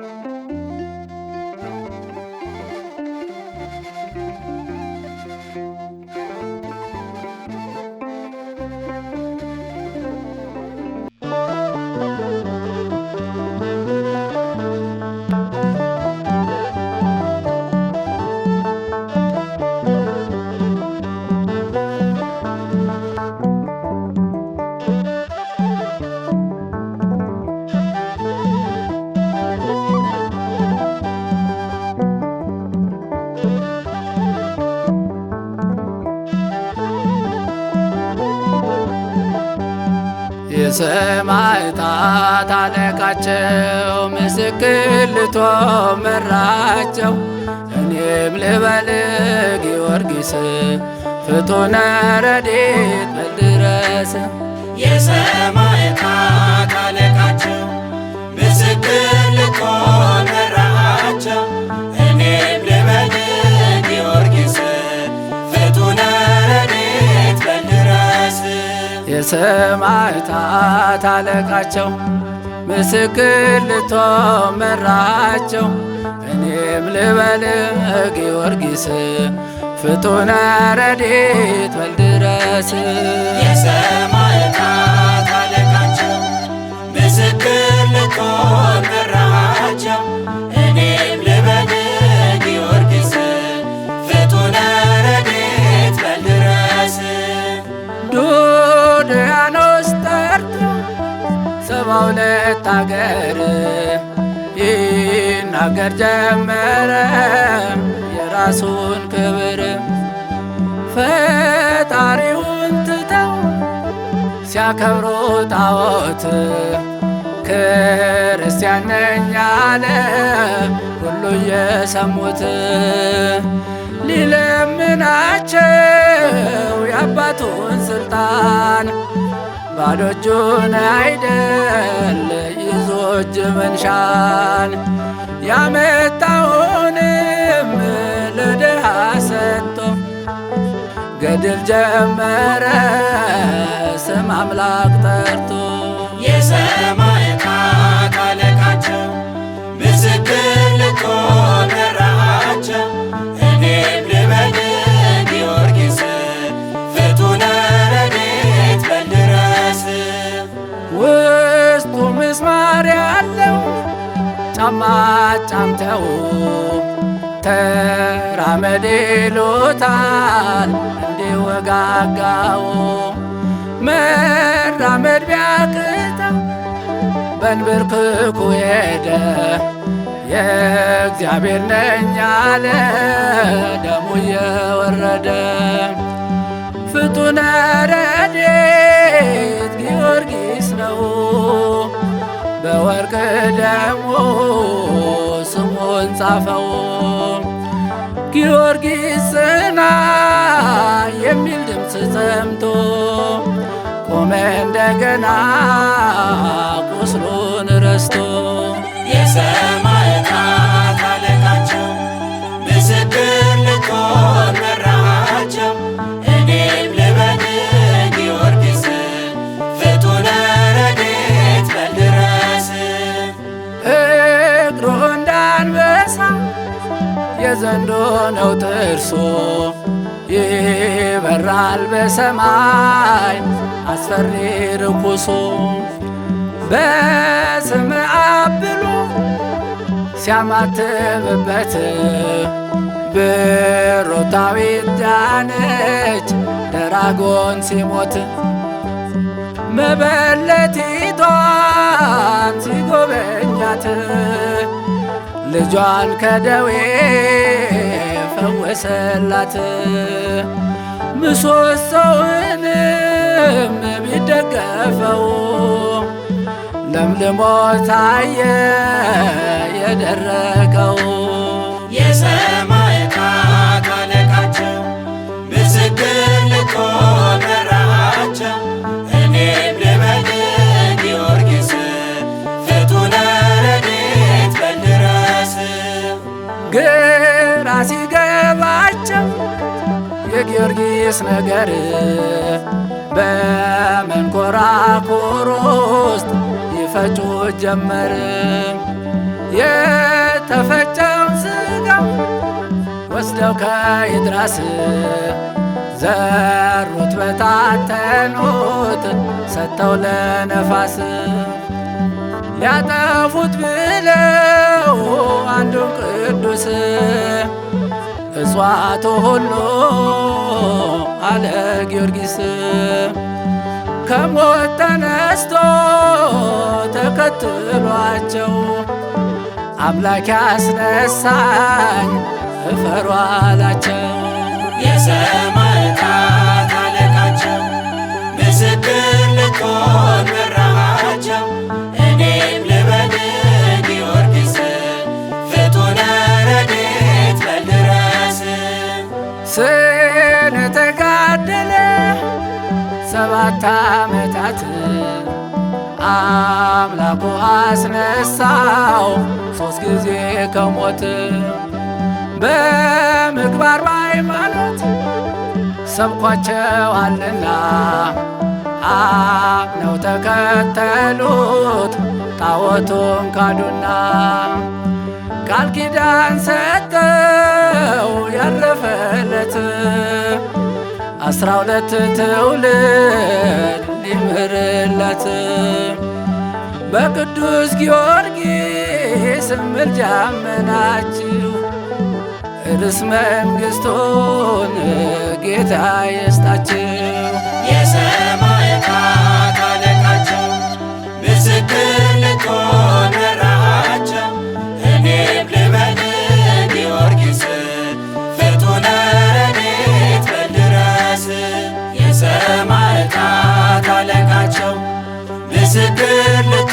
Música ሰማዕታት አለቃቸው ምስክር ልትሆን መራቸው። እኔም ልበል ጊዮርጊስ ፍጡነ ረድኤት የሰማዕታት የሰማዕታት አለቃቸው ምስክር ልትሆን መራቸው። እኔም ልበል ጊዮርጊስ ፍጡነ ረድኤት በል ድረስ ሰባ ሁለት አገር ይናገር ጀመረ የራሱን ክብር ፈጣሪውን ትተው ሲያከብሩ ጣዖት ክርስቲያን ነኝ አለ ሁሉ እየሰሙት ሊለምናቸው የአባቱን ስልጣን ባዶ እጁን አይደል ይዞ እጅ መንሻን ያመጣውንም ለድሃ ሰጥቶ ገድል ጀመረ ስም አምላክ ጠርቶ ማጫምተው ጫምተው ተራመድ ይሉታል እንዲወጋጋው መራመድ ቢያቅተው በንብርክኩ ሄደ የእግዚአብሔር ነኝ አለ ደሙ እየወረደ ፍጡነ ረድኤት ጊዮርጊስ ነው። በወርቅ ደግሞ ስሙን ጻፈው ጊዮርጊስና የሚል ድምፅ ሰምቶ ቆመ እንደገና ነው ጥርሶ ይበራል በሰማይ አስፈሪ ርኩሶ በስም አብ ሲያማትብበት ብሮታዊ ዳነች ደራጎን ሲሞት መበለቲቷን ሲጎበኛት ልጇን ከደዌ ፈወሰላት። ምሰሶውንም ቢደገፈው ለምልሞ ታየ የደረቀው ግራ ሲገባቸው የጊዮርጊስ ነገር በመንኮራኩር ውስጥ ይፈጩ ጀመር። የተፈጨውን ስጋው ወስደው ከይድራስ ዘሩት፣ በታተኑት፣ ሰጥተው ለነፋስ ሊያጠፉት ብለው መስዋዕቱ ሁሉ አለ ጊዮርጊስ ከሞት ተነስቶ ተከትሏቸው አምላክ ያስነሳኝ እፈሩ አላቸው የሰማዕታት አለቃቸው ምስክር ሰባት ዓመታት አምላኩ አስነሳው ሶስት ጊዜ ከሞት በምግባር በሃይማኖት ሰብኳቸዋልና አምነው ተከተሉት ጣዖቱን ካዱና ቃል ኪዳን ሰጠው ያረፈለት አስራ ሁለት ትውልድ ሊምህርለት በቅዱስ ጊዮርጊስ ምልጃ አመናችሁ ርስ መንግሥቱን ጌታ የሰማ ምስክር ልቷ